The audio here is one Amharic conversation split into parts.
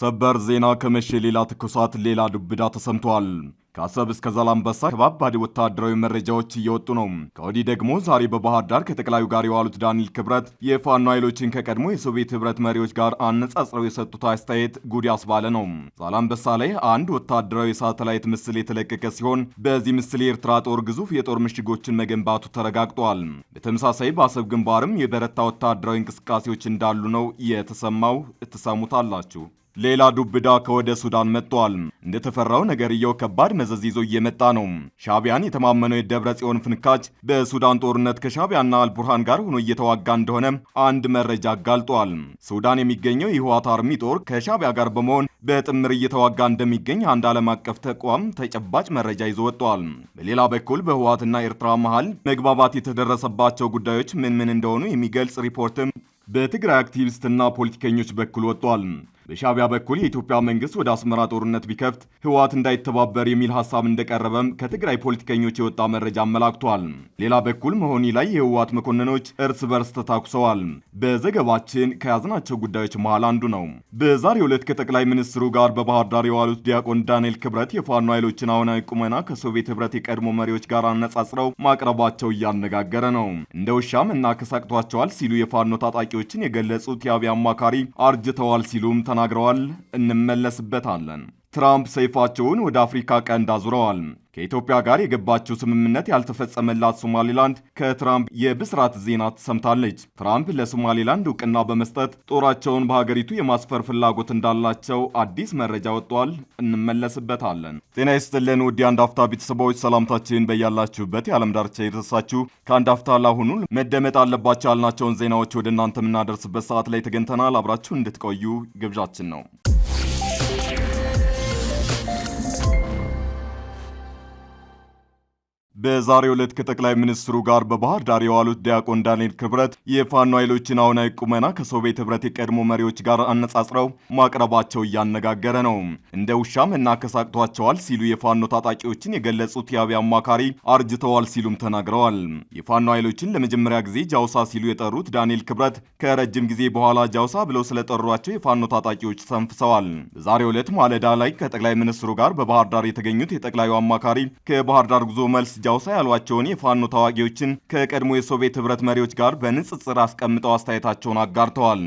ሰበር ዜና ከመሸ ሌላ ትኩሳት፣ ሌላ ዱብዳ ተሰምቷል። ከአሰብ እስከ ዛላምበሳ ከባባድ ወታደራዊ መረጃዎች እየወጡ ነው። ከወዲህ ደግሞ ዛሬ በባህር ዳር ከጠቅላዩ ጋር የዋሉት ዳንኤል ክብረት የፋኖ ኃይሎችን ከቀድሞ የሶቪየት ህብረት መሪዎች ጋር አነጻጽረው የሰጡት አስተያየት ጉድ ያስባለ ነው። ዛላምበሳ ላይ አንድ ወታደራዊ ሳተላይት ምስል የተለቀቀ ሲሆን በዚህ ምስል የኤርትራ ጦር ግዙፍ የጦር ምሽጎችን መገንባቱ ተረጋግጧል። በተመሳሳይ በአሰብ ግንባርም የበረታ ወታደራዊ እንቅስቃሴዎች እንዳሉ ነው የተሰማው። ትሰሙታላችሁ። ሌላ ዱብዳ ከወደ ሱዳን መጥቷል። እንደተፈራው ነገርየው ከባድ መዘዝ ይዞ እየመጣ ነው። ሻቢያን የተማመነው የደብረ ጽዮን ፍንካች በሱዳን ጦርነት ከሻቢያና አልቡርሃን ጋር ሆኖ እየተዋጋ እንደሆነ አንድ መረጃ አጋልጧል። ሱዳን የሚገኘው የህዋት አርሚ ጦር ከሻቢያ ጋር በመሆን በጥምር እየተዋጋ እንደሚገኝ አንድ ዓለም አቀፍ ተቋም ተጨባጭ መረጃ ይዞ ወጥቷል። በሌላ በኩል በህዋትና ኤርትራ መሃል መግባባት የተደረሰባቸው ጉዳዮች ምን ምን እንደሆኑ የሚገልጽ ሪፖርትም በትግራይ አክቲቪስትና ፖለቲከኞች በኩል ወጥቷል። በሻቢያ በኩል የኢትዮጵያ መንግስት ወደ አስመራ ጦርነት ቢከፍት ህወሓት እንዳይተባበር የሚል ሀሳብ እንደቀረበም ከትግራይ ፖለቲከኞች የወጣ መረጃ አመላክቷል። ሌላ በኩል መሆኒ ላይ የህወሓት መኮንኖች እርስ በርስ ተታኩሰዋል። በዘገባችን ከያዝናቸው ጉዳዮች መሃል አንዱ ነው። በዛሬው ዕለት ከጠቅላይ ሚኒስትሩ ጋር በባህር ዳር የዋሉት ዲያቆን ዳንኤል ክብረት የፋኖ ኃይሎችን አሁናዊ ቁመና ከሶቪየት ህብረት የቀድሞ መሪዎች ጋር አነጻጽረው ማቅረባቸው እያነጋገረ ነው። እንደ ውሻም መናከስ ሲሉ የፋኖ ታጣቂዎችን የገለጹት የአብይ አማካሪ አርጅተዋል ሲሉም ተናግረዋል። እንመለስበታለን። ትራምፕ ሰይፋቸውን ወደ አፍሪካ ቀንድ አዙረዋል። ከኢትዮጵያ ጋር የገባችው ስምምነት ያልተፈጸመላት ሶማሌላንድ ከትራምፕ የብስራት ዜና ትሰምታለች። ትራምፕ ለሶማሌላንድ እውቅና በመስጠት ጦራቸውን በሀገሪቱ የማስፈር ፍላጎት እንዳላቸው አዲስ መረጃ ወጥቷል። እንመለስበታለን። ጤና ይስጥልን ውድ የአንድ አፍታ ቤተሰቦች፣ ሰላምታችን በያላችሁበት የዓለም ዳርቻ የደረሳችሁ ከአንድ አፍታ ላሁኑ መደመጥ አለባቸው ያልናቸውን ዜናዎች ወደ እናንተ የምናደርስበት ሰዓት ላይ ተገኝተናል። አብራችሁ እንድትቆዩ ግብዣችን ነው። በዛሬ ዕለት ከጠቅላይ ሚኒስትሩ ጋር በባህር ዳር የዋሉት ዲያቆን ዳንኤል ክብረት የፋኖ ኃይሎችን አሁናዊ ቁመና ከሶቪየት ህብረት የቀድሞ መሪዎች ጋር አነጻጽረው ማቅረባቸው እያነጋገረ ነው። እንደ ውሻ መናከስ አቅቷቸዋል ሲሉ የፋኖ ታጣቂዎችን የገለጹት የአብይ አማካሪ አርጅተዋል ሲሉም ተናግረዋል። የፋኖ ኃይሎችን ለመጀመሪያ ጊዜ ጃውሳ ሲሉ የጠሩት ዳንኤል ክብረት ከረጅም ጊዜ በኋላ ጃውሳ ብለው ስለጠሯቸው የፋኖ ታጣቂዎች ሰንፍሰዋል። በዛሬው ዕለት ማለዳ ላይ ከጠቅላይ ሚኒስትሩ ጋር በባህር ዳር የተገኙት የጠቅላዩ አማካሪ ከባህር ዳር ጉዞ መልስ ጃ ናውሳ ያሏቸውን የፋኖ ታዋጊዎችን ከቀድሞ የሶቪየት ህብረት መሪዎች ጋር በንጽጽር አስቀምጠው አስተያየታቸውን አጋርተዋል።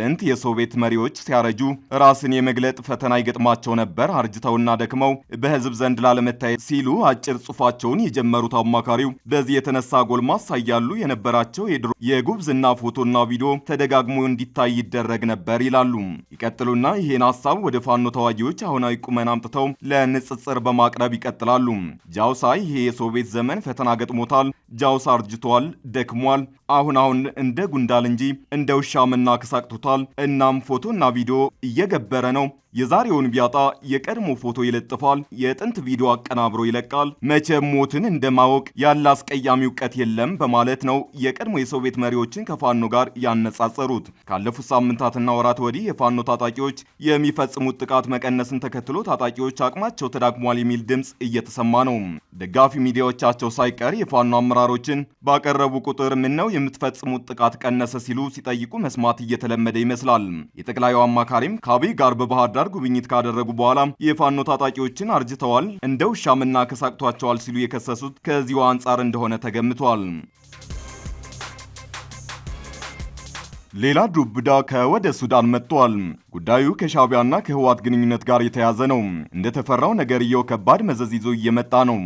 ጥንት የሶቪየት መሪዎች ሲያረጁ ራስን የመግለጥ ፈተና ይገጥማቸው ነበር። አርጅተውና ደክመው በህዝብ ዘንድ ላለመታየት ሲሉ አጭር ጽሑፋቸውን የጀመሩት አማካሪው በዚህ የተነሳ ጎልማሳ እያሉ የነበራቸው የድሮ የጉብዝና ፎቶና ቪዲዮ ተደጋግሞ እንዲታይ ይደረግ ነበር ይላሉ። ይቀጥሉና ይህን ሀሳብ ወደ ፋኖ ተዋጊዎች አሁናዊ ቁመና አምጥተው ለንጽጽር በማቅረብ ይቀጥላሉ። ጃውሳ ይሄ የሶቪየት ዘመን ፈተና ገጥሞታል ጃውስ አርጅቷል፣ ደክሟል። አሁን አሁን እንደ ጉንዳል እንጂ እንደ ውሻ መናከስ አቅቶታል። እናም ፎቶና ቪዲዮ እየገበረ ነው። የዛሬውን ቢያጣ የቀድሞ ፎቶ ይለጥፋል፣ የጥንት ቪዲዮ አቀናብሮ ይለቃል። መቼም ሞትን እንደማወቅ ያለ አስቀያሚ እውቀት የለም በማለት ነው የቀድሞ የሰው ቤት መሪዎችን ከፋኖ ጋር ያነጻጸሩት። ካለፉት ሳምንታትና ወራት ወዲህ የፋኖ ታጣቂዎች የሚፈጽሙት ጥቃት መቀነስን ተከትሎ ታጣቂዎች አቅማቸው ተዳክሟል የሚል ድምፅ እየተሰማ ነው። ደጋፊ ሚዲያዎቻቸው ሳይቀር የፋኖ አመራሮችን ባቀረቡ ቁጥር ነው የምትፈጽሙት ጥቃት ቀነሰ ሲሉ ሲጠይቁ መስማት እየተለመደ ይመስላል። የጠቅላዩ አማካሪም ከአብይ ጋር በባህር ዳር ጋር ጉብኝት ካደረጉ በኋላ የፋኖ ታጣቂዎችን አርጅተዋል፣ እንደ ውሻም መናከስ ሲሉ የከሰሱት ከዚሁ አንጻር እንደሆነ ተገምቷል። ሌላ ዱብዳ ከወደ ሱዳን መጥቷል። ጉዳዩ ከሻቢያና ከህዋት ግንኙነት ጋር የተያዘ ነው። እንደተፈራው ነገርየው ከባድ መዘዝ ይዞ እየመጣ ነው።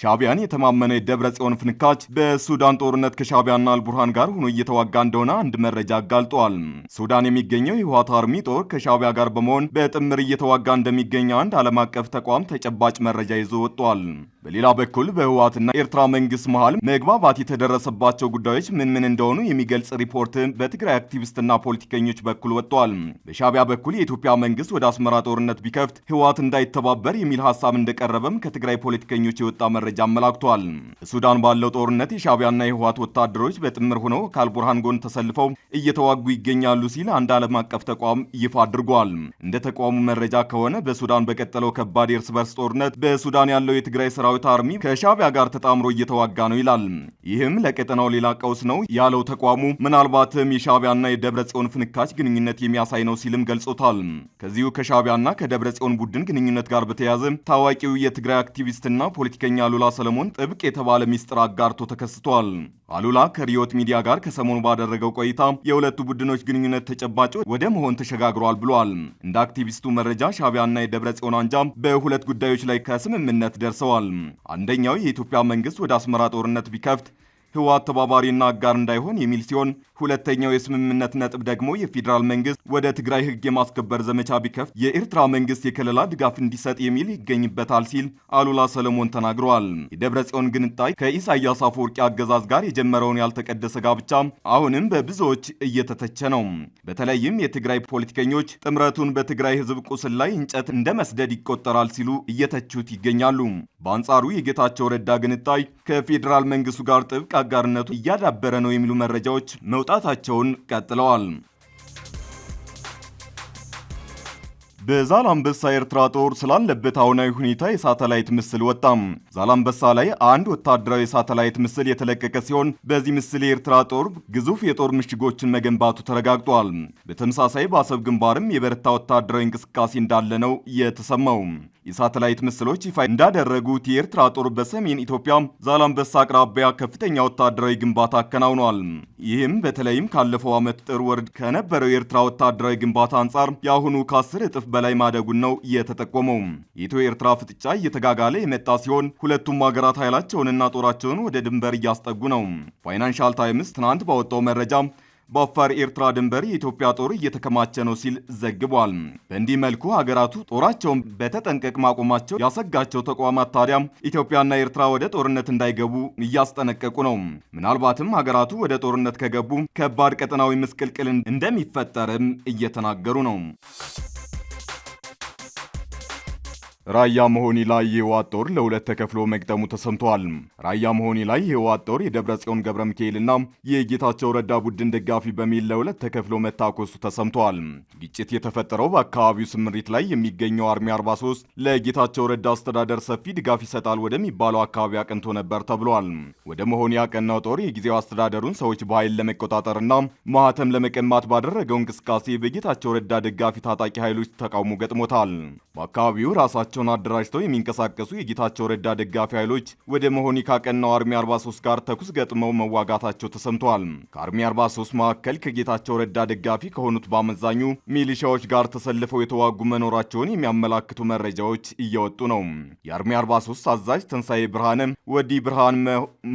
ሻቢያን የተማመነ የደብረ ጽዮን ፍንካች በሱዳን ጦርነት ከሻቢያና አልቡርሃን ጋር ሆኖ እየተዋጋ እንደሆነ አንድ መረጃ አጋልጧል። ሱዳን የሚገኘው የህወሓት አርሚ ጦር ከሻቢያ ጋር በመሆን በጥምር እየተዋጋ እንደሚገኝ አንድ ዓለም አቀፍ ተቋም ተጨባጭ መረጃ ይዞ ወጥቷል። በሌላ በኩል በህወሓትና ኤርትራ መንግስት መሃል መግባባት የተደረሰባቸው ጉዳዮች ምን ምን እንደሆኑ የሚገልጽ ሪፖርት በትግራይ አክቲቪስትና ፖለቲከኞች በኩል ወጥቷል። በሻቢያ በኩል የኢትዮጵያ መንግስት ወደ አስመራ ጦርነት ቢከፍት ህወሓት እንዳይተባበር የሚል ሀሳብ እንደቀረበም ከትግራይ ፖለቲከኞች የወጣ መረጃ መረጃ አመላክቷል። ሱዳን ባለው ጦርነት የሻቢያና የህወሓት ወታደሮች በጥምር ሆነው ከአልቡርሃን ጎን ተሰልፈው እየተዋጉ ይገኛሉ ሲል አንድ ዓለም አቀፍ ተቋም ይፋ አድርጓል። እንደ ተቋሙ መረጃ ከሆነ በሱዳን በቀጠለው ከባድ የእርስ በርስ ጦርነት በሱዳን ያለው የትግራይ ሰራዊት አርሚ ከሻቢያ ጋር ተጣምሮ እየተዋጋ ነው ይላል። ይህም ለቀጠናው ሌላ ቀውስ ነው ያለው ተቋሙ ምናልባትም የሻቢያና የደብረ ጽዮን ፍንካች ግንኙነት የሚያሳይ ነው ሲልም ገልጾታል። ከዚሁ ከሻቢያና ከደብረ ጽዮን ቡድን ግንኙነት ጋር በተያያዘ ታዋቂው የትግራይ አክቲቪስትና ፖለቲከኛ አሉላ ሰለሞን ጥብቅ የተባለ ሚስጥር አጋርቶ ተከስቷል። አሉላ ከሪዮት ሚዲያ ጋር ከሰሞኑ ባደረገው ቆይታ የሁለቱ ቡድኖች ግንኙነት ተጨባጭ ወደ መሆን ተሸጋግሯል ብሏል። እንደ አክቲቪስቱ መረጃ ሻቢያና የደብረ ጽዮን አንጃ በሁለት ጉዳዮች ላይ ከስምምነት ደርሰዋል። አንደኛው የኢትዮጵያ መንግስት ወደ አስመራ ጦርነት ቢከፍት ህወሓት ተባባሪና አጋር እንዳይሆን የሚል ሲሆን ሁለተኛው የስምምነት ነጥብ ደግሞ የፌዴራል መንግስት ወደ ትግራይ ህግ የማስከበር ዘመቻ ቢከፍት የኤርትራ መንግስት የከለላ ድጋፍ እንዲሰጥ የሚል ይገኝበታል ሲል አሉላ ሰለሞን ተናግረዋል። የደብረ ጽዮን ግንጣይ ከኢሳያስ አፈወርቂ አገዛዝ ጋር የጀመረውን ያልተቀደሰ ጋብቻ አሁንም በብዙዎች እየተተቸ ነው። በተለይም የትግራይ ፖለቲከኞች ጥምረቱን በትግራይ ህዝብ ቁስል ላይ እንጨት እንደ መስደድ ይቆጠራል ሲሉ እየተቹት ይገኛሉ። በአንጻሩ የጌታቸው ረዳ ግንጣይ ከፌዴራል መንግስቱ ጋር ጥብቅ አጋርነቱ እያዳበረ ነው የሚሉ መረጃዎች መውጣታቸውን ቀጥለዋል። በዛላምበሳ ኤርትራ ጦር ስላለበት አሁናዊ ሁኔታ የሳተላይት ምስል ወጣም። ዛላምበሳ ላይ አንድ ወታደራዊ የሳተላይት ምስል የተለቀቀ ሲሆን በዚህ ምስል የኤርትራ ጦር ግዙፍ የጦር ምሽጎችን መገንባቱ ተረጋግጧል። በተመሳሳይ በአሰብ ግንባርም የበረታ ወታደራዊ እንቅስቃሴ እንዳለ ነው የተሰማው። የሳተላይት ምስሎች ይፋ እንዳደረጉት የኤርትራ ጦር በሰሜን ኢትዮጵያ ዛላምበሳ አቅራቢያ ከፍተኛ ወታደራዊ ግንባታ አከናውኗል። ይህም በተለይም ካለፈው ዓመት ጥር ወርድ ከነበረው የኤርትራ ወታደራዊ ግንባታ አንጻር የአሁኑ ከአስር እጥፍ በላይ ማደጉን ነው የተጠቆመው። የኢትዮ ኤርትራ ፍጥጫ እየተጋጋለ የመጣ ሲሆን ሁለቱም ሀገራት ኃይላቸውንና ጦራቸውን ወደ ድንበር እያስጠጉ ነው። ፋይናንሻል ታይምስ ትናንት ባወጣው መረጃ በአፋር ኤርትራ ድንበር የኢትዮጵያ ጦር እየተከማቸ ነው ሲል ዘግቧል። በእንዲህ መልኩ ሀገራቱ ጦራቸውን በተጠንቀቅ ማቆማቸው ያሰጋቸው ተቋማት ታዲያ ኢትዮጵያና ኤርትራ ወደ ጦርነት እንዳይገቡ እያስጠነቀቁ ነው። ምናልባትም ሀገራቱ ወደ ጦርነት ከገቡ ከባድ ቀጠናዊ ምስቅልቅል እንደሚፈጠርም እየተናገሩ ነው። ራያ መሆኒ ላይ የህወሓት ጦር ለሁለት ተከፍሎ መግጠሙ ተሰምቷል። ራያ መሆኒ ላይ የህወሓት ጦር የደብረ ጽዮን ገብረ ሚካኤልና የጌታቸው ረዳ ቡድን ደጋፊ በሚል ለሁለት ተከፍሎ መታኮሱ ተሰምቷል። ግጭት የተፈጠረው በአካባቢው ስምሪት ላይ የሚገኘው አርሚ 43 ለጌታቸው ረዳ አስተዳደር ሰፊ ድጋፍ ይሰጣል ወደሚባለው አካባቢ አቅንቶ ነበር ተብሏል። ወደ መሆኒ ያቀናው ጦር የጊዜው አስተዳደሩን ሰዎች በኃይል ለመቆጣጠርና ማህተም ለመቀማት ባደረገው እንቅስቃሴ በጌታቸው ረዳ ደጋፊ ታጣቂ ኃይሎች ተቃውሞ ገጥሞታል። በአካባቢው ራሳቸው ራሳቸውን አደራጅተው የሚንቀሳቀሱ የጌታቸው ረዳ ደጋፊ ኃይሎች ወደ መሆኒ ካቀናው አርሚ 43 ጋር ተኩስ ገጥመው መዋጋታቸው ተሰምተዋል። ከአርሚ 43 መካከል ከጌታቸው ረዳ ደጋፊ ከሆኑት በአመዛኙ ሚሊሻዎች ጋር ተሰልፈው የተዋጉ መኖራቸውን የሚያመላክቱ መረጃዎች እየወጡ ነው። የአርሚ 43 አዛዥ ተንሳኤ ብርሃነ ወዲ ብርሃን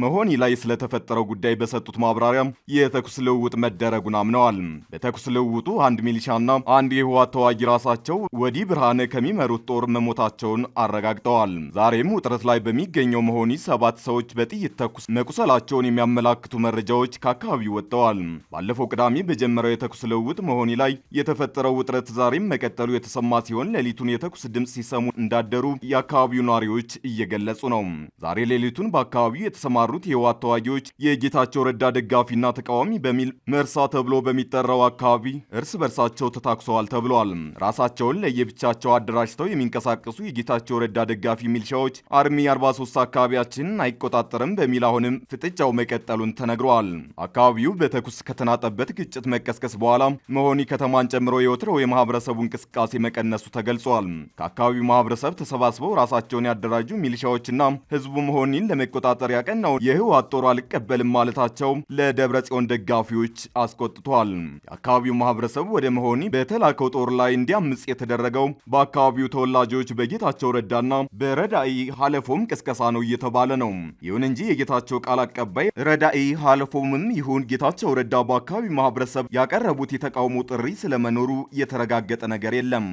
መሆኒ ላይ ስለተፈጠረው ጉዳይ በሰጡት ማብራሪያ የተኩስ ልውውጥ መደረጉን አምነዋል። በተኩስ ልውውጡ አንድ ሚሊሻና አንድ የህዋት ተዋጊ ራሳቸው ወዲ ብርሃነ ከሚመሩት ጦር መሞታ መሞታቸውን አረጋግጠዋል። ዛሬም ውጥረት ላይ በሚገኘው መሆኒ ሰባት ሰዎች በጥይት ተኩስ መቁሰላቸውን የሚያመላክቱ መረጃዎች ከአካባቢው ወጥተዋል። ባለፈው ቅዳሜ በጀመረው የተኩስ ልውውጥ መሆኒ ላይ የተፈጠረው ውጥረት ዛሬም መቀጠሉ የተሰማ ሲሆን ሌሊቱን የተኩስ ድምፅ ሲሰሙ እንዳደሩ የአካባቢው ነዋሪዎች እየገለጹ ነው። ዛሬ ሌሊቱን በአካባቢው የተሰማሩት የህወሓት ተዋጊዎች የጌታቸው ረዳ ደጋፊና ተቃዋሚ በሚል መርሳ ተብሎ በሚጠራው አካባቢ እርስ በርሳቸው ተታኩሰዋል ተብሏል። ራሳቸውን ለየብቻቸው አደራጅተው የሚንቀሳቀሱ የተጠቀሱ የጌታቸው ረዳ ደጋፊ ሚልሻዎች አርሚ 43 አካባቢያችንን አይቆጣጠርም በሚል አሁንም ፍጥጫው መቀጠሉን ተነግረዋል። አካባቢው በተኩስ ከተናጠበት ግጭት መቀስቀስ በኋላ መሆኒ ከተማን ጨምሮ የወትሮው የማህበረሰቡ እንቅስቃሴ መቀነሱ ተገልጿል። ከአካባቢው ማህበረሰብ ተሰባስበው ራሳቸውን ያደራጁ ሚልሻዎችና ህዝቡ መሆኒን ለመቆጣጠር ያቀናው የህወሓት ጦር አልቀበልም ማለታቸው ለደብረ ጽዮን ደጋፊዎች አስቆጥቷል። የአካባቢው ማህበረሰብ ወደ መሆኒ በተላከው ጦር ላይ እንዲያምጽ የተደረገው በአካባቢው ተወላጆች በ በጌታቸው ረዳና በረዳኢ ሀለፎም ቅስቀሳ ነው እየተባለ ነው። ይሁን እንጂ የጌታቸው ቃል አቀባይ ረዳኢ ሀለፎምም ይሁን ጌታቸው ረዳ በአካባቢ ማህበረሰብ ያቀረቡት የተቃውሞ ጥሪ ስለመኖሩ የተረጋገጠ ነገር የለም።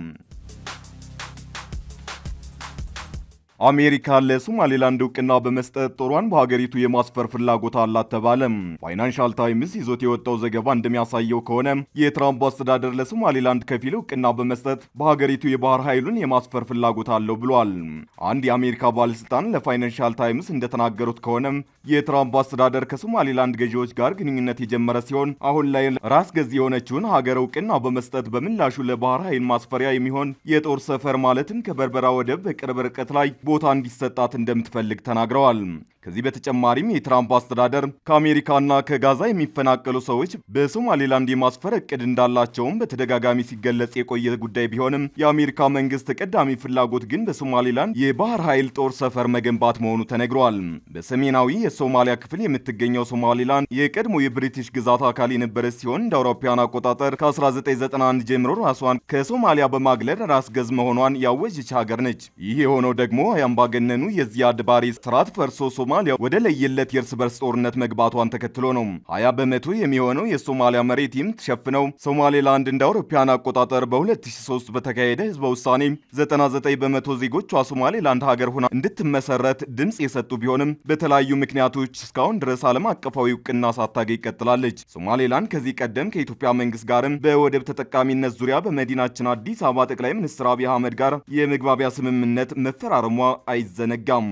አሜሪካ ለሶማሌላንድ እውቅና በመስጠት ጦሯን በሀገሪቱ የማስፈር ፍላጎት አላት ተባለም። ፋይናንሻል ታይምስ ይዞት የወጣው ዘገባ እንደሚያሳየው ከሆነ የትራምፕ አስተዳደር ለሶማሌላንድ ከፊል እውቅና በመስጠት በሀገሪቱ የባህር ኃይሉን የማስፈር ፍላጎት አለው ብሏል። አንድ የአሜሪካ ባለስልጣን ለፋይናንሻል ታይምስ እንደተናገሩት ከሆነ የትራምፕ አስተዳደር ከሶማሌላንድ ገዢዎች ጋር ግንኙነት የጀመረ ሲሆን አሁን ላይ ራስ ገዝ የሆነችውን ሀገር እውቅና በመስጠት በምላሹ ለባህር ኃይል ማስፈሪያ የሚሆን የጦር ሰፈር ማለትም ከበርበራ ወደብ በቅርብ ርቀት ላይ ቦታ እንዲሰጣት እንደምትፈልግ ተናግረዋል። ከዚህ በተጨማሪም የትራምፕ አስተዳደር ከአሜሪካና ከጋዛ የሚፈናቀሉ ሰዎች በሶማሌላንድ የማስፈር እቅድ እንዳላቸውም በተደጋጋሚ ሲገለጽ የቆየ ጉዳይ ቢሆንም የአሜሪካ መንግስት ተቀዳሚ ፍላጎት ግን በሶማሌላንድ የባህር ኃይል ጦር ሰፈር መገንባት መሆኑ ተነግሯል። በሰሜናዊ የሶማሊያ ክፍል የምትገኘው ሶማሌላንድ የቀድሞ የብሪቲሽ ግዛት አካል የነበረች ሲሆን እንደ አውሮፓውያን አቆጣጠር ከ1991 ጀምሮ ራሷን ከሶማሊያ በማግለል ራስ ገዝ መሆኗን ያወጀች ሀገር ነች። ይህ የሆነው ደግሞ የአምባገነኑ የዚያድ ባሬ ስርዓት ፈርሶ ሶማሊያ ወደ ለየለት የእርስ በርስ ጦርነት መግባቷን ተከትሎ ነው። ሀያ በመቶ የሚሆነው የሶማሊያ መሬትም ተሸፍነው ሶማሌላንድ እንደ አውሮፓውያን አቆጣጠር በ2003 በተካሄደ ህዝበ ውሳኔ 99 በመቶ ዜጎቿ ሶማሌላንድ ሀገር ሆና እንድትመሰረት ድምፅ የሰጡ ቢሆንም በተለያዩ ምክንያቶች እስካሁን ድረስ ዓለም አቀፋዊ እውቅና ሳታገኝ ቀጥላለች። ሶማሌላንድ ከዚህ ቀደም ከኢትዮጵያ መንግስት ጋርም በወደብ ተጠቃሚነት ዙሪያ በመዲናችን አዲስ አበባ ጠቅላይ ሚኒስትር አብይ አህመድ ጋር የመግባቢያ ስምምነት መፈራረሟ አይዘነጋም።